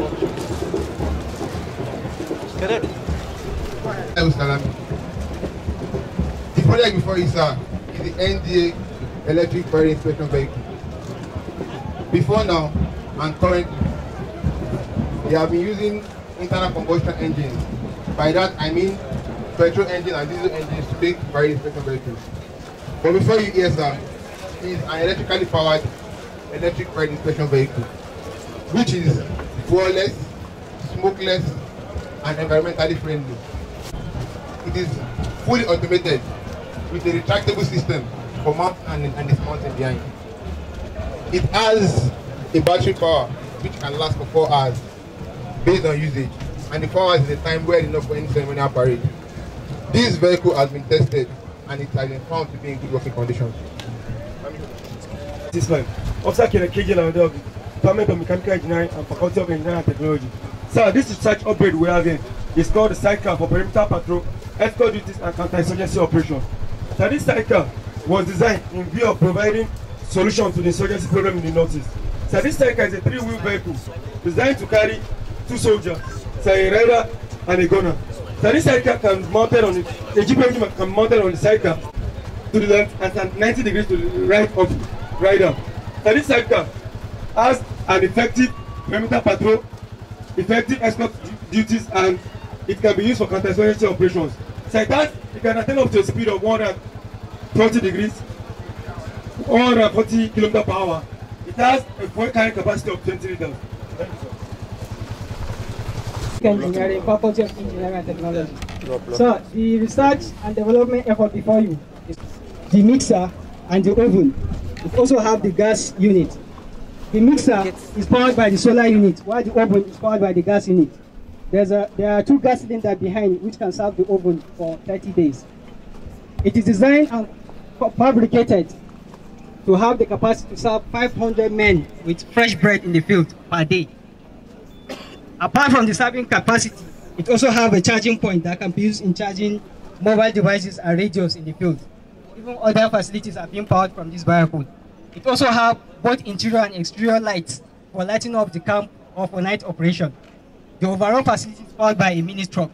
Correct. The project before you sir, is the NDA electric fire inspection vehicle. Before now and currently, they have been using internal combustion engines. By that I mean petrol engine and diesel engines to make fire inspection vehicles. But before you hear sir, is an electrically powered electric fire inspection vehicle, which is fuelless, smokeless, and environmentally friendly. It is fully automated with a retractable system for mount and, and dismounting behind. It has a battery power which can last for 4 hours based on usage and the 4 hours is a time well enough for any ceremonial parade. This vehicle has been tested and it has been found to be in good working condition. This man, Officer Kenneth Kejila Department of Mechanical Engineering and Faculty of Engineering and Technology. So this is such upgrade we have It's called the cycle for perimeter patrol, escort duties and counter-insurgency operations. So this cycle was designed in view of providing solution to the insurgency problem in the northeast. So this cycle is a three-wheel vehicle designed to carry two soldiers, so a rider and a gunner. So this cycle can be mounted on the, the can be mounted on the cycle to the left and 90 degrees to the right of rider. So this cycle has an effective perimeter patrol, effective escort duties, and it can be used for counter-insurgency operations. Like that, it can attain up to a speed of 130 degrees, 140 km per hour. It has a fuel carrying capacity of 20 liters. Engineering, Faculty of Engineering and Technology. so the research and development effort before you, the mixer and the oven. It also have the gas unit. The mixer is powered by the solar unit, while the oven is powered by the gas unit. There's a, there are two gas cylinders behind which can serve the oven for 30 days. It is designed and fabricated to have the capacity to serve 500 men with fresh bread in the field per day. Apart from the serving capacity, it also has a charging point that can be used in charging mobile devices and radios in the field. Even other facilities are being powered from this vehicle. It also has both interior and exterior lights for lighting up the camp of for night operation. The overall facility is powered by a mini truck.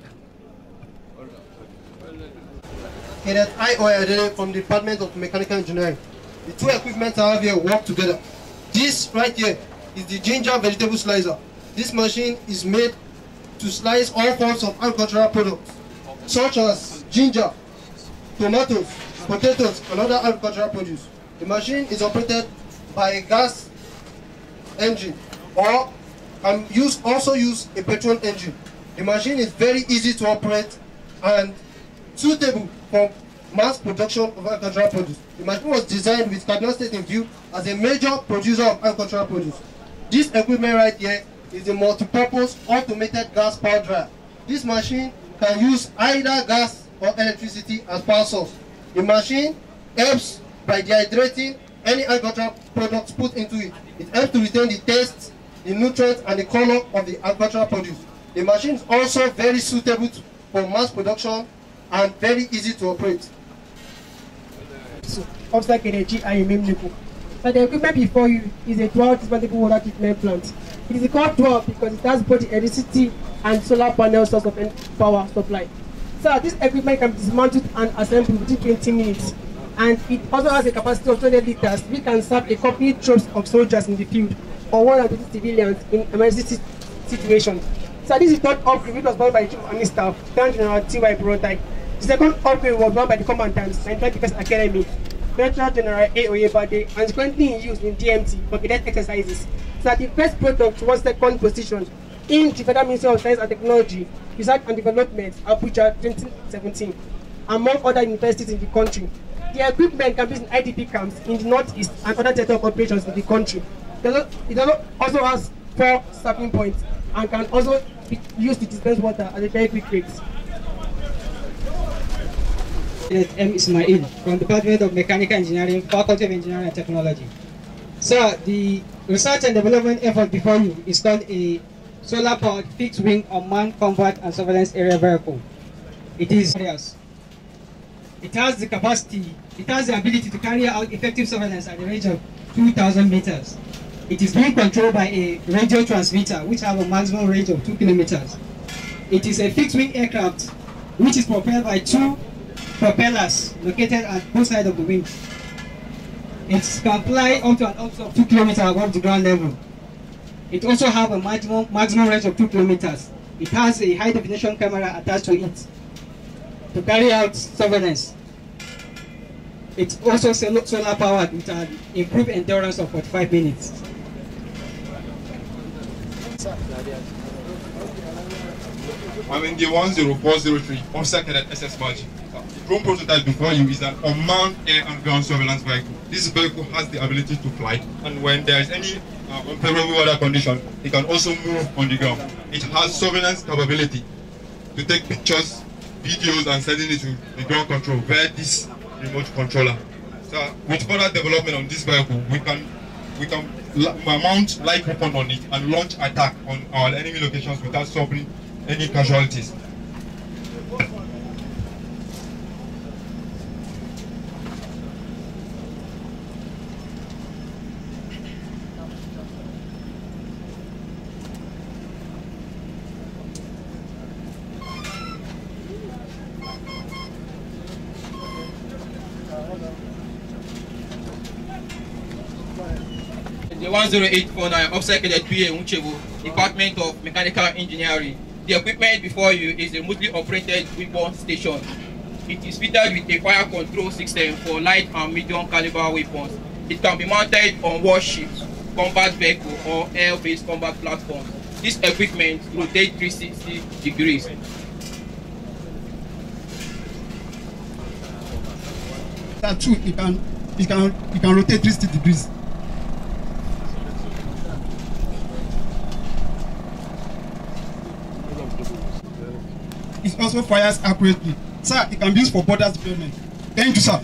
It is I Oyadele from the Department of Mechanical Engineering. The two equipments I have here work together. This right here is the ginger vegetable slicer. This machine is made to slice all forms of agricultural products, such as ginger, tomatoes, potatoes, and other agricultural produce. The machine is operated by a gas engine or can use, also use a petrol engine. The machine is very easy to operate and suitable for mass production of agricultural produce. The machine was designed with Cardinal State in view as a major producer of agricultural produce. This equipment right here is a multi-purpose automated gas power dryer. This machine can use either gas or electricity as power source. The machine helps by dehydrating any agricultural products put into it. It helps to retain the taste, the nutrients, and the color of the agricultural produce. The machine is also very suitable for mass production and very easy to operate. Obstacle Energy IMM So the equipment before you is a 12 disposable water treatment plant. It is called 12 because it has both electricity and solar panel source of power supply. So this equipment can be dismantled and assembled within 20 minutes and it also has a capacity of 200 liters, we can serve a complete troops of soldiers in the field or 150 civilians in emergency situations. So this is not upgrade which was bought by the Chief of Army Staff, General T.Y. Brotai. The second upgrade was bought by the Commandant, Defence Academy, Lieutenant General A.O. Oyebade, and is currently in use in DMT for cadet exercises. So the first product was second position in the Federal Ministry of Science and Technology, Research and Development, Abuja 2017, among other universities in the country the equipment can be used in IDP camps in the northeast and other theater operations in the country. It also has four stopping points and can also be used to dispense water at a very quick rate. M. Ismail from the Department of Mechanical Engineering, Faculty of Engineering and Technology. Sir, the research and development effort before you is called a solar-powered fixed-wing unmanned combat and surveillance area vehicle. It is it has the capacity, it has the ability to carry out effective surveillance at a range of 2,000 meters. It is being controlled by a radio transmitter, which have a maximum range of 2 kilometers. It is a fixed-wing aircraft, which is propelled by two propellers located at both sides of the wing. It can fly up to an altitude of 2 kilometers above the ground level. It also has a maximum, maximum range of 2 kilometers. It has a high definition camera attached to it to carry out surveillance. It's also solar powered with an improved endurance of 45 minutes. I'm in the 10403 off-second at SS Margin. The drone prototype before you is an unmanned air and ground surveillance vehicle. This vehicle has the ability to fly, and when there is any uh, unfavorable weather condition, it can also move on the ground. It has surveillance capability to take pictures videos and sending it to the ground control via this remote controller. So with further development on this vehicle, we can we can mount light weapon on it and launch attack on our enemy locations without suffering any casualties. the 10849 Offset Electric Unchevo, Department of Mechanical Engineering. The equipment before you is a remotely operated weapon station. It is fitted with a fire control system for light and medium caliber weapons. It can be mounted on warships, combat vehicle, or air-based combat platform. This equipment rotates 360 degrees. That too, it can, it can, it can rotate 360 degrees. it also fires accurately. Sir, it can be used for border deployment. Thank you, sir.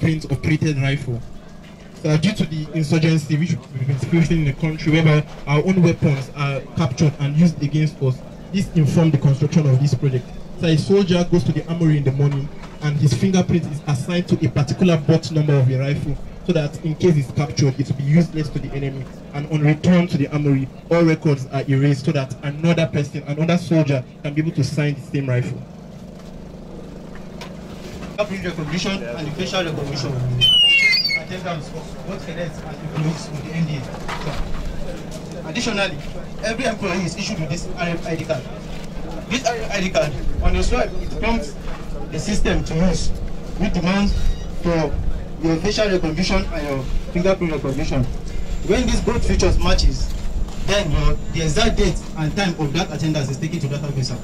Print operated rifle. Sir, due to the insurgency which we've been experiencing in the country, whereby our own weapons are captured and used against us, this informed the construction of this project. So, a soldier goes to the armory in the morning and his fingerprint is assigned to a particular box number of a rifle so that in case it's captured, it will be useless to the enemy. And on return to the armory, all records are erased so that another person, another soldier, can be able to sign the same rifle. recognition and facial recognition. Additionally, every employee is issued with this ID card. This ID card, on you swipe, it prompts the system to use, which demands for the facial recognition and your fingerprint recognition. When these both features matches, then your, the exact date and time of that attendance is taken to that officer.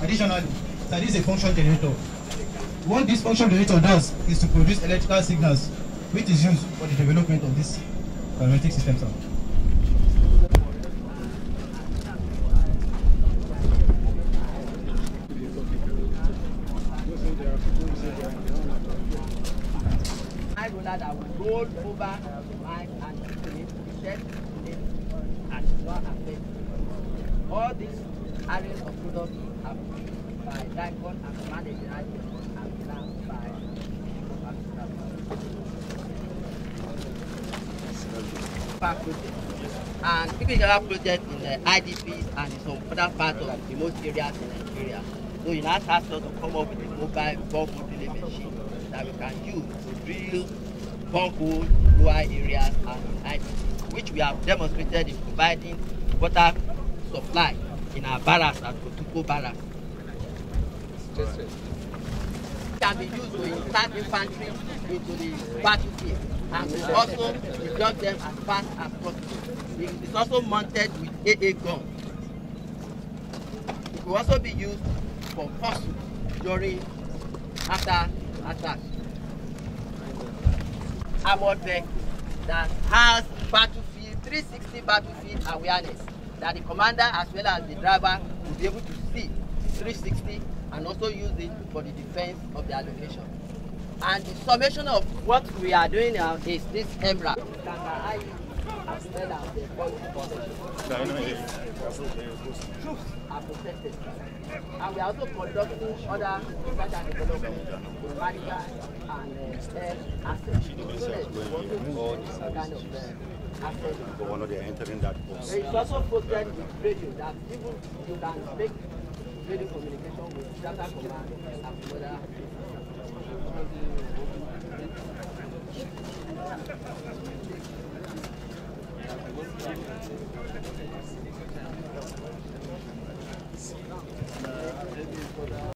Additionally, that is a function generator. What this function generator does is to produce electrical signals, which is used for the development of this automatic system. Sir. stroller that will roll over mine and create All these areas of products have been by and managed and planned by and project in the IDPs and in some other parts of the most areas in Nigeria. So it has asked us to come up with a mobile ball modeling machine that we can use to drill Ponko, lower areas and United, which we have demonstrated in providing water supply in our barracks at Kotuko barracks. Just can be used to insert infantry into the battlefield and we also reduce them as fast as possible. It is also mounted with AA guns. It will also be used for pursuit during after attack. About the that has battlefield 360 battlefield awareness that the commander as well as the driver will be able to see 360 and also use it for the defense of their location. And the summation of what we are doing now is this EMRA. And we are also conducting other research and development in and uh, So that we want to kind of assets. that It's also posted with radio that people you can make radio communication with data command and other. Thank you. la grosse la grosse